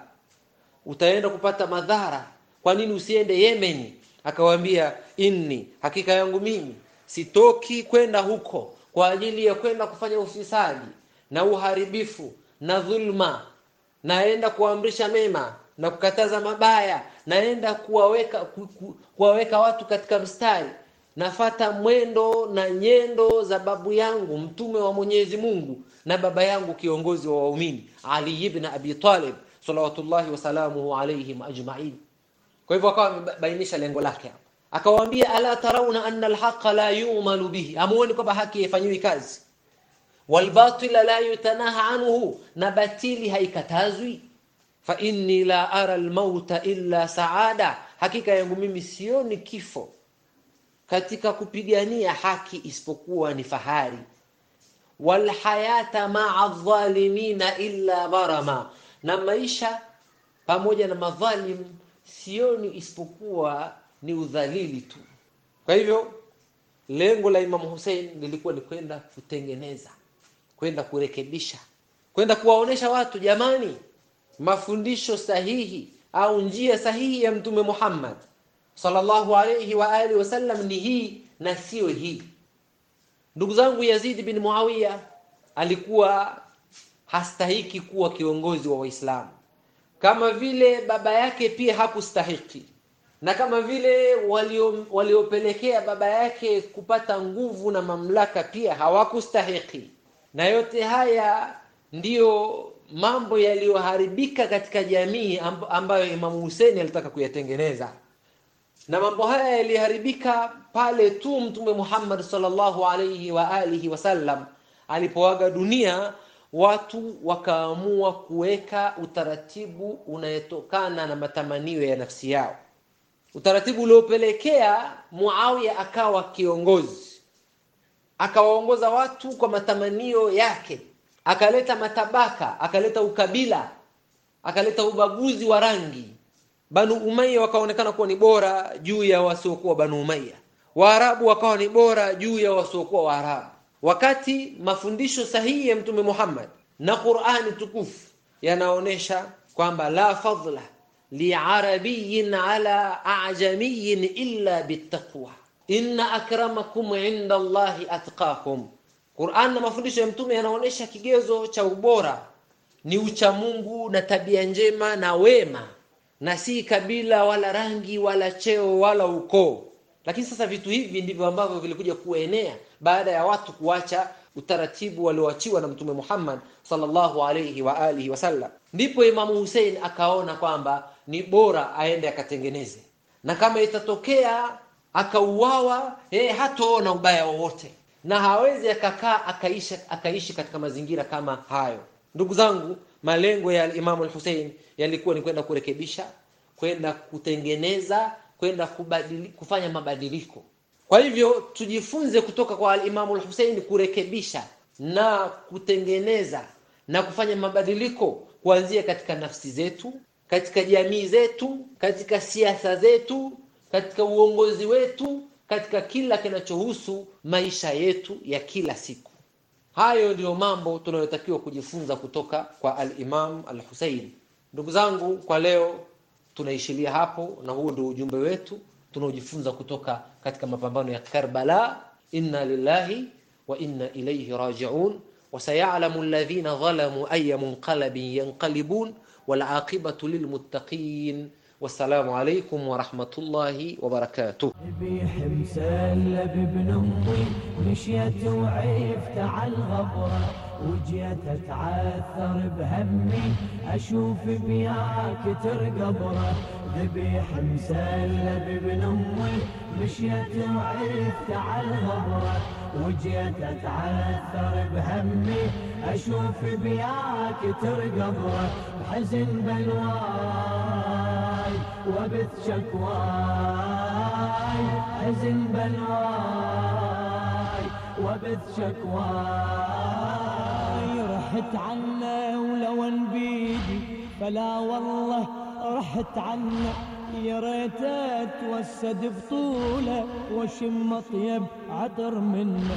utaenda kupata madhara kwa nini usiende Yemeni akawaambia inni hakika yangu mimi sitoki kwenda huko kwa ajili ya kwenda kufanya ufisadi na uharibifu na dhulma, naenda kuamrisha mema na kukataza mabaya, naenda kuwaweka ku, ku, kuwaweka watu katika mstari, nafata mwendo na nyendo za babu yangu mtume wa Mwenyezi Mungu na baba yangu kiongozi wa waumini Ali ibn Abi Talib salawatullahi wasalamuhu alayhim ajma'in. Kwa hivyo akawa amebainisha lengo lake hapo akawaambia ala tarauna anna alhaqa la yu'malu bihi amuoni kwamba haki haifanyiwi kazi walbatila la yutanaha anhu na batili haikatazwi fa inni la ara almauta illa saada hakika yangu mimi sioni kifo katika kupigania haki isipokuwa ni fahari walhayata ma'a adh dhalimin illa barama na maisha pamoja na madhalim sioni isipokuwa ni udhalili tu. Kwa hivyo lengo la Imamu Hussein lilikuwa ni kwenda kutengeneza, kwenda kurekebisha, kwenda kuwaonesha watu, jamani, mafundisho sahihi au njia sahihi ya Mtume Muhammad sallallahu alayhi wa alihi wasallam ni hii na siyo hii. Ndugu zangu, Yazid bin Muawiya alikuwa hastahiki kuwa kiongozi wa Waislamu kama vile baba yake pia hakustahiki na kama vile walio waliopelekea baba yake kupata nguvu na mamlaka pia hawakustahiki. Na yote haya ndiyo mambo yaliyoharibika katika jamii ambayo Imamu Hussein alitaka kuyatengeneza, na mambo haya yaliharibika pale tu Mtume Muhammad sallallahu alayhi wa alihi wasallam alipoaga dunia. Watu wakaamua kuweka utaratibu unayetokana na matamanio ya nafsi yao utaratibu uliopelekea Muawiya akawa kiongozi, akawaongoza watu kwa matamanio yake, akaleta matabaka, akaleta ukabila, akaleta ubaguzi wa rangi. Banu Umayya wakaonekana kuwa ni bora juu ya wasiokuwa Banu Umayya, Waarabu wakawa ni bora juu ya wasiokuwa Waarabu, wakati mafundisho sahihi ya Mtume Muhammad na Qur'ani tukufu yanaonesha kwamba la fadhla liarabiyin ala ajamiyin illa bittaqwa inna akramakum inda Allahi atqakum. Qur'an na mafundisho ya mtume yanaonyesha kigezo cha ubora ni uchamungu na tabia njema na wema, na si kabila wala rangi wala cheo wala ukoo. Lakini sasa vitu hivi ndivyo ambavyo vilikuja kuenea baada ya watu kuacha utaratibu walioachiwa na Mtume Muhammad sallallahu alayhi wa alihi wasallam. Ndipo Imamu Hussein akaona kwamba ni bora aende akatengeneze na kama itatokea akauawa eh hatoona ubaya wowote na hawezi akakaa akaishi akaishi katika mazingira kama hayo ndugu zangu malengo ya Imam al-Hussein yalikuwa ni kwenda kurekebisha kwenda kutengeneza kwenda kufanya mabadiliko kwa hivyo tujifunze kutoka kwa al-Imam al-Hussein kurekebisha na kutengeneza na kufanya mabadiliko kuanzia katika nafsi zetu katika jamii zetu, katika siasa zetu, katika uongozi wetu, katika kila kinachohusu maisha yetu ya kila siku. Hayo ndiyo mambo tunayotakiwa kujifunza kutoka kwa al-Imam al-Husaini. Ndugu zangu, kwa leo tunaishilia hapo, na huu ndio ujumbe wetu tunaojifunza kutoka katika mapambano ya Karbala. Inna lillahi wa inna ilayhi raji'un, wa sayalamu alladhina zalamu ayya munqalabin yanqalibun والعاقبة للمتقين والسلام عليكم ورحمة الله وبركاته ذبيح مسلب ابن أمي مشيت وعفت على الغبرة وجيت أتعثر بهمي أشوف بياك ترقبرة ذبيح مسلب ابن أمي مشيت وعفت على الغبرة وجيت اتعثر بهمي اشوف بياك ترقى بحزن بلواي وبث شكواي حزن بلواي وبث شكواي رحت عنه ولو بيدي فلا والله رحت عنه يا ريت اتوسد بطوله واشم اطيب عطر منه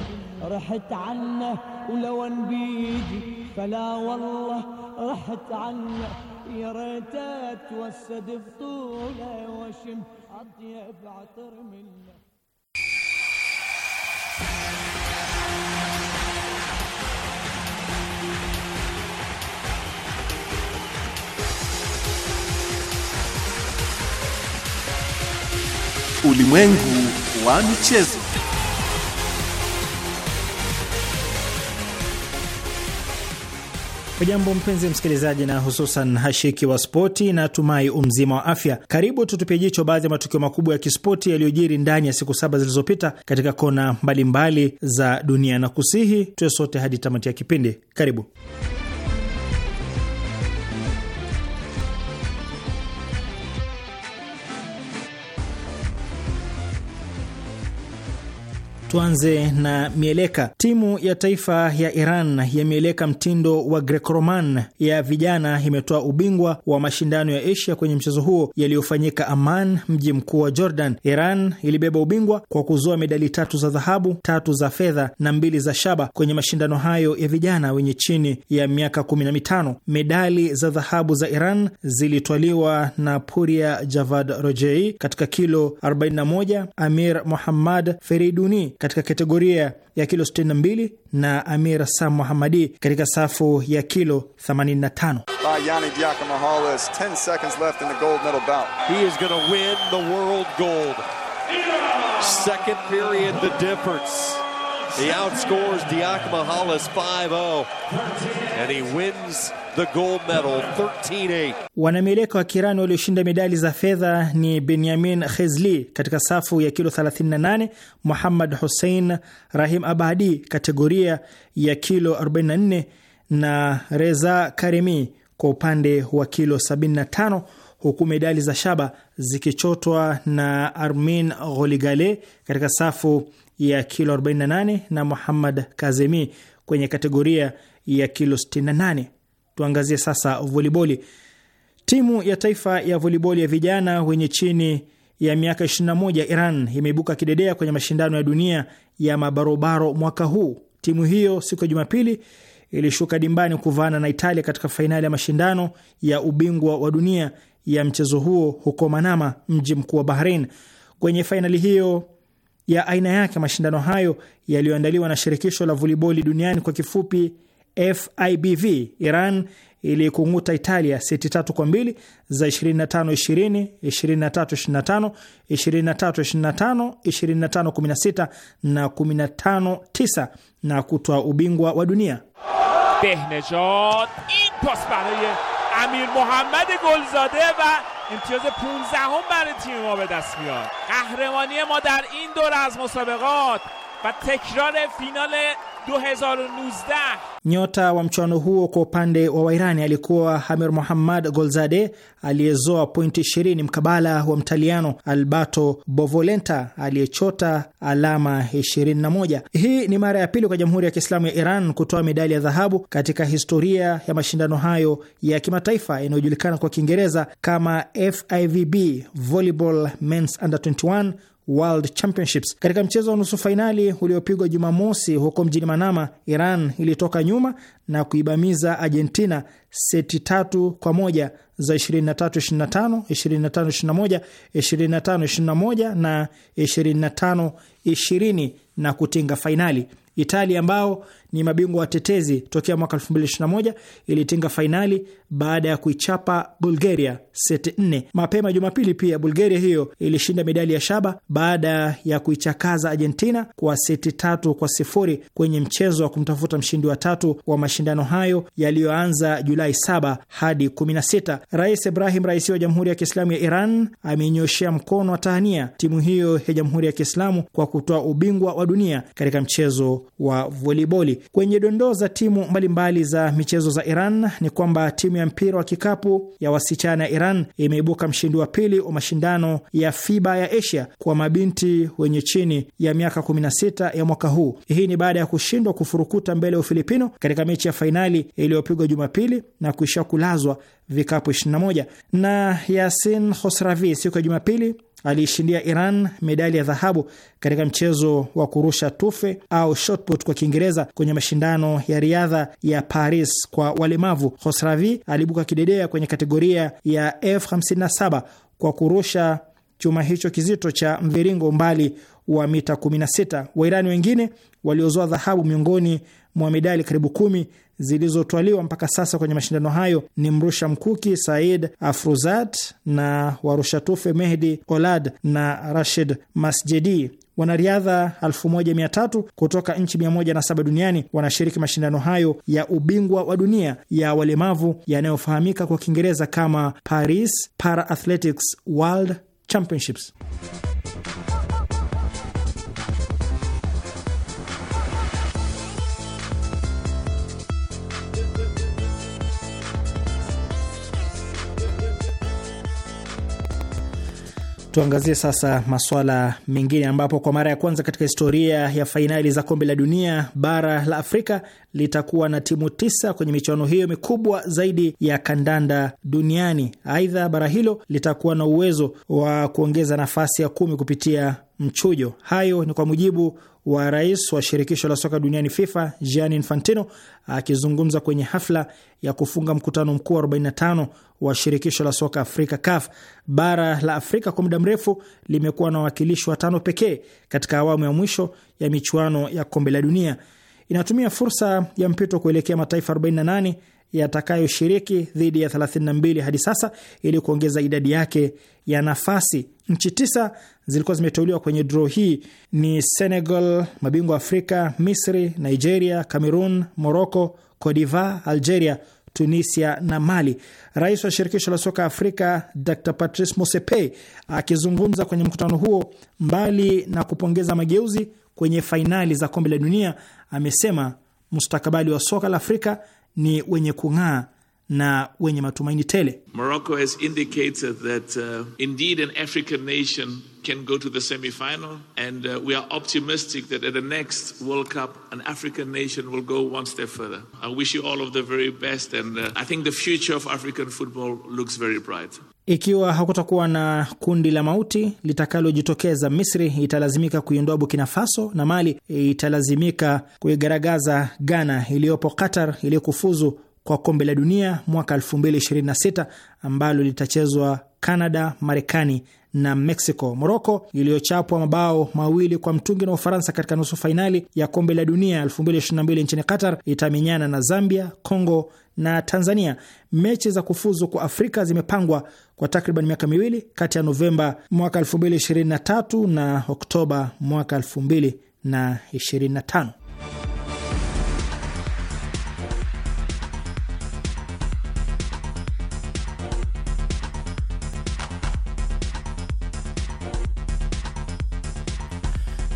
رحت عنه ولو ان بيدي فلا والله رحت عنه يا ريت اتوسد بطوله واشم اطيب عطر منه Ulimwengu wa michezo. Jambo mpenzi msikilizaji, na hususan hashiki wa spoti, na tumai umzima wa afya. Karibu tutupie jicho baadhi ya matukio makubwa ya kispoti yaliyojiri ndani ya siku saba zilizopita katika kona mbalimbali mbali za dunia, na kusihi tuwe sote hadi tamati ya kipindi. Karibu. Tuanze na mieleka. Timu ya taifa ya Iran ya mieleka mtindo wa Greco-Roman ya vijana imetoa ubingwa wa mashindano ya Asia kwenye mchezo huo yaliyofanyika Amman, mji mkuu wa Jordan. Iran ilibeba ubingwa kwa kuzoa medali tatu za dhahabu, tatu za fedha na mbili za shaba kwenye mashindano hayo ya vijana wenye chini ya miaka kumi na mitano. Medali za dhahabu za Iran zilitwaliwa na Puria Javad Rojei katika kilo 41, Amir Muhammad Feriduni katika kategoria ya kilo 62 na Amira Sam Muhamadi katika safu ya kilo 85. He outscores Diacomahalis 5-0 and he wins the gold medal 13-8. Wanamieleka wa Kirani walioshinda medali za fedha ni Benyamin Khezli katika safu ya kilo 38, Muhammad Hussein Rahim Abadi kategoria ya kilo 44 na Reza Karemi kwa upande wa kilo 75 huku medali za shaba zikichotwa na Armin Goligale katika safu ya kilo 48 na Muhammad Kazemi kwenye kategoria ya kilo 68. Tuangazie sasa voliboli. Timu ya taifa ya voliboli ya vijana wenye chini ya miaka 21 Iran imeibuka kidedea kwenye mashindano ya dunia ya mabarobaro mwaka huu. Timu hiyo siku ya Jumapili ilishuka dimbani kuvaana na Italia katika fainali ya mashindano ya ubingwa wa dunia ya mchezo huo huko Manama, mji mkuu wa Bahrain. Kwenye fainali hiyo ya aina yake, mashindano hayo yaliyoandaliwa na shirikisho la voliboli duniani kwa kifupi FIBV Iran ilikung'uta Italia seti tatu kwa mbili za 25 20, 23 25, 23 25, 25 16 na 15 9 na kutoa ubingwa wa dunia. Behnejad in pas baraye Amir Mohammad Golzade va imtiyoz 15 baraye tim ma be dast miyad. ma dar in dor az musabeqat va tekrar final 2019. Nyota wa mchuano huo kwa upande wa Wairani alikuwa hamir Muhammad Golzade aliyezoa pointi 20 mkabala wa Mtaliano Albato Bovolenta aliyechota alama 21. Hii ni mara ya pili kwa Jamhuri ya Kiislamu ya Iran kutoa medali ya dhahabu katika historia ya mashindano hayo ya kimataifa yanayojulikana kwa Kiingereza kama FIVB Volleyball Men's Under 21 World Championships. Katika mchezo wa nusu fainali uliopigwa Jumamosi huko mjini Manama, Iran ilitoka nyuma na kuibamiza Argentina seti tatu kwa moja za 23-25, 25-21, 25-21 na 25-20 na kutinga fainali. Italia ambao ni mabingwa watetezi tokea mwaka 2021 ilitinga fainali baada ya kuichapa Bulgaria seti 4. Mapema Jumapili pia Bulgaria hiyo ilishinda medali ya shaba baada ya kuichakaza Argentina kwa seti tatu kwa sifuri kwenye mchezo wa kumtafuta mshindi wa tatu wa mashindano hayo yaliyoanza Julai 7 hadi 16. Rais Ibrahim Raisi wa Jamhuri ya Kiislamu ya Iran ameinyoshea mkono wa tahania timu hiyo ya Jamhuri ya Kiislamu kwa kutoa ubingwa wa dunia katika mchezo wa voliboli. Kwenye dondoo za timu mbalimbali mbali za michezo za Iran ni kwamba timu ya mpira wa kikapu ya wasichana ya Iran imeibuka mshindi wa pili wa mashindano ya FIBA ya Asia kwa mabinti wenye chini ya miaka 16 ya mwaka huu. Hii ni baada ya kushindwa kufurukuta mbele ya Ufilipino katika mechi ya fainali iliyopigwa Jumapili na kuisha kulazwa vikapu 21 na Yasin Khosravi siku ya Jumapili aliishindia Iran medali ya dhahabu katika mchezo wa kurusha tufe au shotput kwa Kiingereza kwenye mashindano ya riadha ya Paris kwa walemavu. hosravi aliibuka kidedea kwenye kategoria ya F57 kwa kurusha chuma hicho kizito cha mviringo umbali wa mita 16. Wairani wengine waliozoa dhahabu miongoni mwa medali karibu kumi zilizotwaliwa mpaka sasa kwenye mashindano hayo ni mrusha mkuki Said Afruzat na warushatufe Mehdi Olad na Rashid Masjedi. Wanariadha 1300 kutoka nchi 107 duniani wanashiriki mashindano hayo ya ubingwa wa dunia ya walemavu yanayofahamika kwa Kiingereza kama Paris Para Athletics World Championships. Tuangazie sasa masuala mengine ambapo kwa mara ya kwanza katika historia ya fainali za kombe la dunia bara la Afrika litakuwa na timu tisa kwenye michuano hiyo mikubwa zaidi ya kandanda duniani. Aidha, bara hilo litakuwa na uwezo wa kuongeza nafasi ya kumi kupitia mchujo. Hayo ni kwa mujibu wa rais wa shirikisho la soka duniani FIFA Gianni Infantino akizungumza kwenye hafla ya kufunga mkutano mkuu wa 45 wa shirikisho la soka Afrika CAF. Bara la Afrika kwa muda mrefu limekuwa na wawakilishi watano pekee katika awamu ya mwisho ya michuano ya kombe la dunia inatumia fursa ya mpito kuelekea mataifa 48 yatakayoshiriki dhidi ya 32 hadi sasa ili kuongeza idadi yake ya nafasi. Nchi tisa zilikuwa zimeteuliwa kwenye draw hii ni Senegal, mabingwa Afrika, Misri, Nigeria, Cameroon, Morocco, Cote d'Ivoire, Algeria, Tunisia na Mali. Rais wa shirikisho la soka Afrika Dr Patrice Motsepe akizungumza kwenye mkutano huo, mbali na kupongeza mageuzi kwenye fainali za kombe la dunia, amesema mustakabali wa soka la Afrika ni wenye kung'aa na wenye matumaini tele. Morocco has indicated that uh, indeed an African nation can go to the semi-final and uh, we are optimistic that at the next World Cup an African nation will go one step further. I wish you all of the very best and uh, I think the future of African football looks very bright. Ikiwa hakutakuwa na kundi la mauti litakalojitokeza, Misri italazimika kuiondoa Burkina Faso na Mali italazimika kuigaragaza Ghana iliyopo Qatar iliyokufuzu kwa kombe la dunia mwaka 2026 ambalo litachezwa canada Marekani na Mexico. Moroko iliyochapwa mabao mawili kwa mtungi na Ufaransa katika nusu fainali ya kombe la dunia 2022 nchini Qatar itamenyana na Zambia, Congo na Tanzania. Mechi za kufuzu kwa Afrika zimepangwa kwa takriban miaka miwili kati ya Novemba mwaka 2023 na Oktoba mwaka 2025.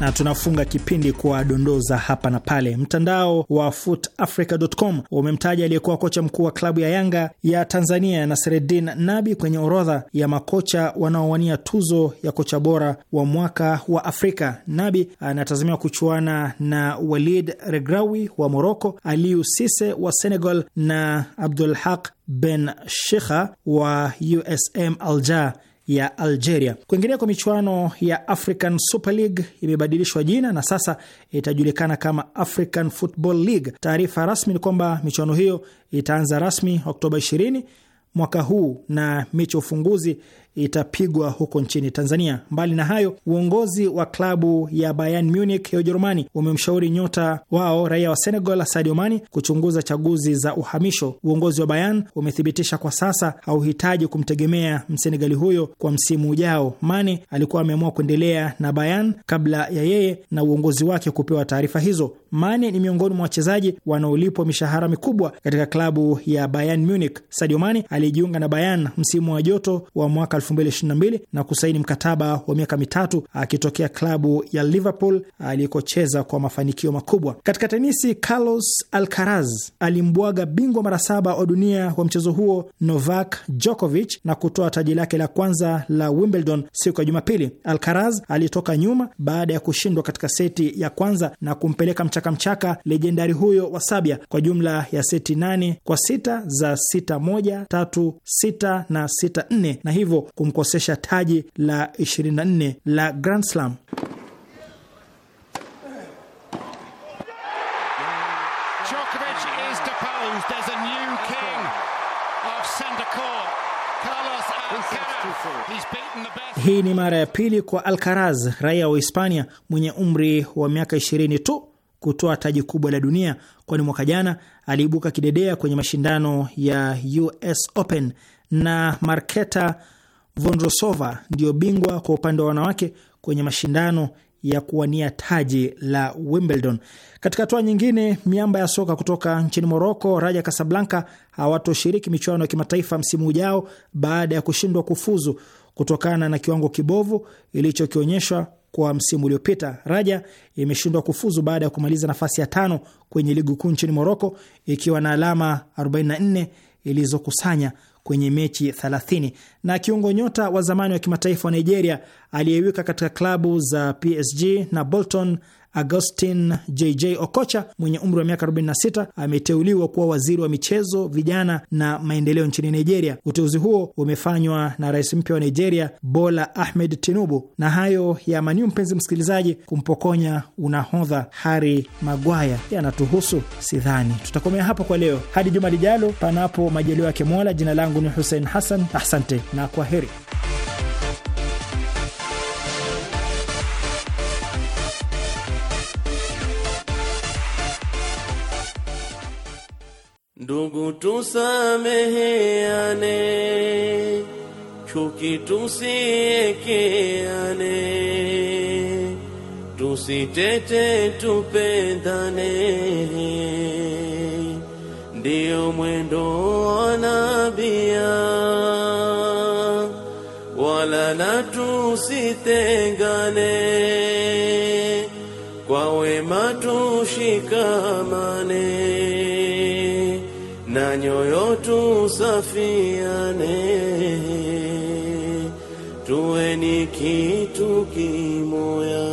na tunafunga kipindi kwa dondoza hapa na pale. Mtandao wa footafrica.com umemtaja aliyekuwa kocha mkuu wa klabu ya Yanga ya Tanzania Nasreddin Nabi kwenye orodha ya makocha wanaowania tuzo ya kocha bora wa mwaka wa Afrika. Nabi anatazamiwa kuchuana na Walid Regrawi wa Moroko, Aliu Sise wa Senegal na Abdul Haq Ben Shikha wa USM Alger ya Algeria. Kuingilia kwa michuano ya African Super League imebadilishwa jina na sasa itajulikana kama African Football League. Taarifa rasmi ni kwamba michuano hiyo itaanza rasmi Oktoba 20 mwaka huu na mechi ya ufunguzi itapigwa huko nchini Tanzania. Mbali na hayo, uongozi wa klabu ya Bayern Munich ya Ujerumani umemshauri nyota wao raia wa Senegal Sadio Mane kuchunguza chaguzi za uhamisho. Uongozi wa Bayern umethibitisha kwa sasa hauhitaji kumtegemea msenegali huyo kwa msimu ujao. Mane alikuwa ameamua kuendelea na Bayern kabla ya yeye na uongozi wake kupewa taarifa hizo. Mane ni miongoni mwa wachezaji wanaolipwa mishahara mikubwa katika klabu ya Bayern Munich. Sadio Mane aliyejiunga na Bayern msimu wa joto wa mwaka 2022 na kusaini mkataba wa miaka mitatu akitokea klabu ya Liverpool alikocheza kwa mafanikio makubwa. Katika tenisi, Carlos Alcaraz alimbwaga bingwa mara saba wa dunia wa mchezo huo Novak Djokovic na kutoa taji lake la kwanza la Wimbledon siku ya Jumapili. Alcaraz alitoka nyuma baada ya kushindwa katika seti ya kwanza na kumpeleka mchakamchaka lejendari huyo wa Sabia kwa jumla ya seti nane kwa sita za sita moja, tatu, sita na sita nne na hivyo kumkosesha taji la 24 la Grand Slam. Hii ni mara ya pili kwa Alcaraz, raia wa Hispania mwenye umri wa miaka 20 tu kutoa taji kubwa la dunia, kwani mwaka jana aliibuka kidedea kwenye mashindano ya US Open na Marketa Vondrosova ndiyo bingwa kwa upande wa wanawake kwenye mashindano ya kuwania taji la Wimbledon. Katika hatua nyingine, miamba ya soka kutoka nchini Moroko, Raja Casablanca hawatoshiriki michuano ya kimataifa msimu ujao baada ya kushindwa kufuzu kutokana na kiwango kibovu ilichokionyeshwa kwa msimu uliopita. Raja imeshindwa kufuzu baada ya kumaliza nafasi ya tano kwenye ligi kuu nchini Moroko ikiwa na alama 44 ilizokusanya kwenye mechi 30. Na kiungo nyota wa zamani wa kimataifa wa Nigeria aliyewika katika klabu za PSG na Bolton Augustin JJ Okocha mwenye umri wa miaka 46 ameteuliwa kuwa waziri wa michezo, vijana na maendeleo nchini Nigeria. Uteuzi huo umefanywa na rais mpya wa Nigeria Bola Ahmed Tinubu. Na hayo yamaniu, mpenzi msikilizaji, kumpokonya unahodha Hari Magwaya yanatuhusu, sidhani tutakomea hapo kwa leo, hadi juma lijalo, panapo majaliwa yake Mola. Jina langu ni Hussein Hassan, asante na kwa heri. Ndugu, tusameheane, chuki tusiekeane, tusitete, tupendane, ndiyo mwendo wa nabia, wala na tusitengane, kwa wema tushikamane na nyoyo tusafiane, tuwe ni kitu kimoya.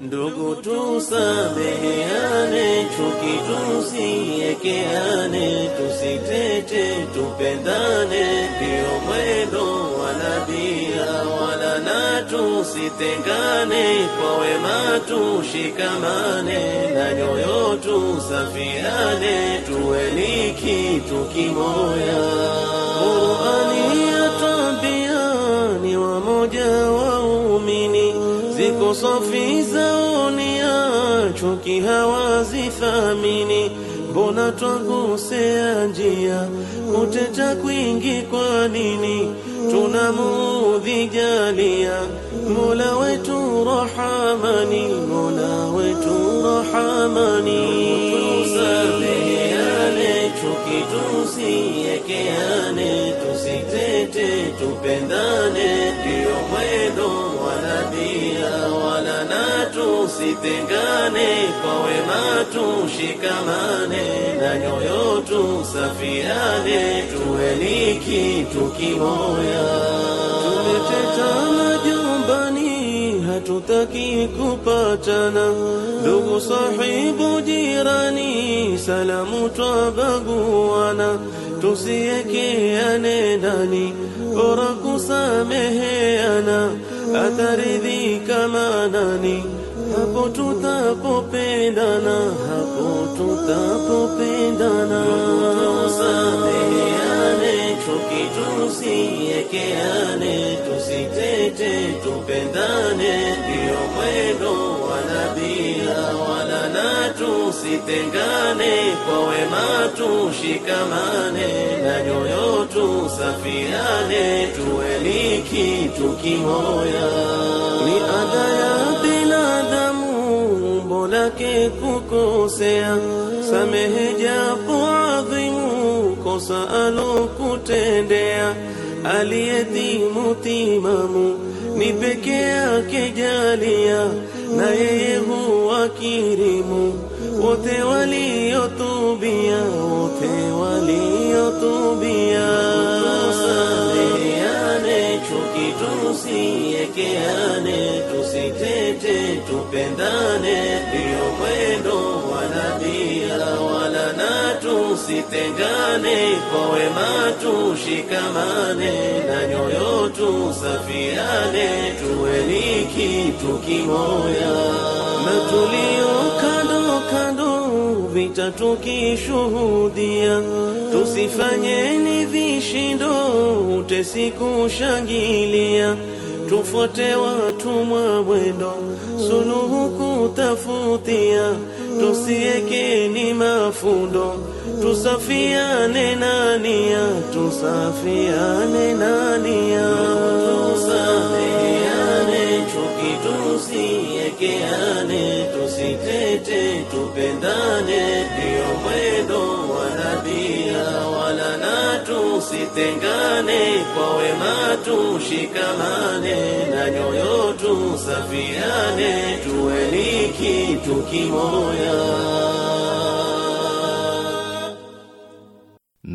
Ndugu tusameheane, chuki tusiekeane, tusitete, tupendane, ndio mwendo tusitengane, kwa wema tushikamane, na nyoyo tusafiane, tuwe ni kitu kimoya. Qurani tabia ni wamoja waumini, ziko safi zao nia, chuki hawazithamini mbona twakosea njia, kuteta kwingi kwa nini? tunamudhijalia jalia Mola wetu rahamani, Mola wetu rahamani, tusameheane, chuki tusiekeane, tusitete, tupendane, ndiyo mwendo wanadia walana, tusitengane, kwa wema tushikamane, na nyoyo tusafiane, tuwe ni kitu kimoya. Tumetetana لا تتكيك باتنا ذوق صاحب jirani salamu twabaguana, tusiekeane ndani, bora kusameheana, ataridhika manani hapo tutapopendana, hapo tutapopendana, tusameheane, chuki tusiekeane, tusitete, tupendane, ndiyo mwendo wa nabia wala na tusitengane, kwa wema tushikamane, na nyoyo tusafiane, tuwe ni kitu kimoya. Ni adha yapi كيكك kukosea, samehe japo adhimu, kosa alokutendea. Aliyetimu timamu ni peke yake jalia, na yeye huwa kirimu. Wote waliotubia, wote waliotubia, haki tusiekeane, tusitete, tupendane, ndiyo mwendo wa nabia wala na tusitengane, kwa wema tushikamane, na nyoyo tusafiane, tuwe tukimoya na tulio kando kando vita tukishuhudia, tusifanyeni vishindo, utesi kushangilia, tufuate watumwa mwendo, suluhu kutafutia, tusiekeni mafundo, tusafiane nania, tusafiane nania, tusafiane tusiekeane, tusitete, tupendane, ndiyo mwendo wa nabia, wala na tusitengane, kwa wema tushikamane, na nyoyo tusafiane, tuwe ni kitu kimoya.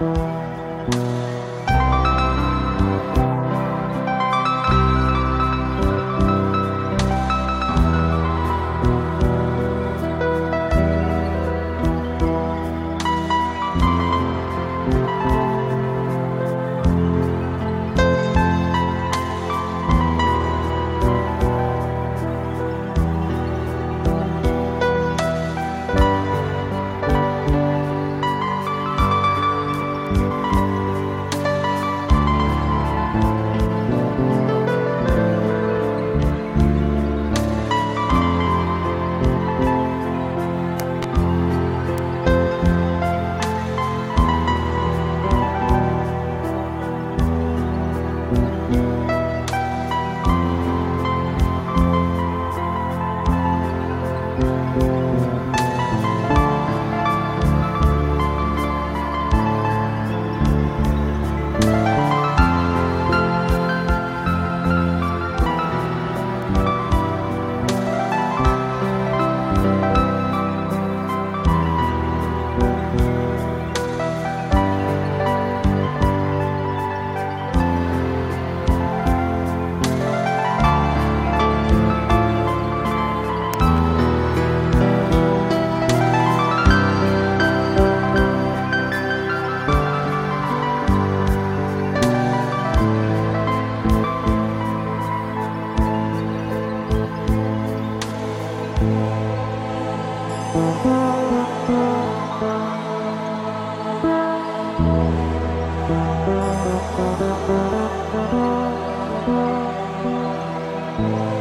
Thank you.